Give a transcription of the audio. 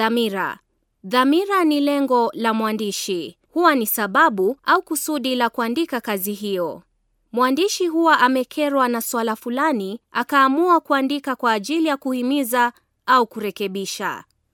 Dhamira. Dhamira ni lengo la mwandishi, huwa ni sababu au kusudi la kuandika kazi hiyo. Mwandishi huwa amekerwa na swala fulani, akaamua kuandika kwa ajili ya kuhimiza au kurekebisha.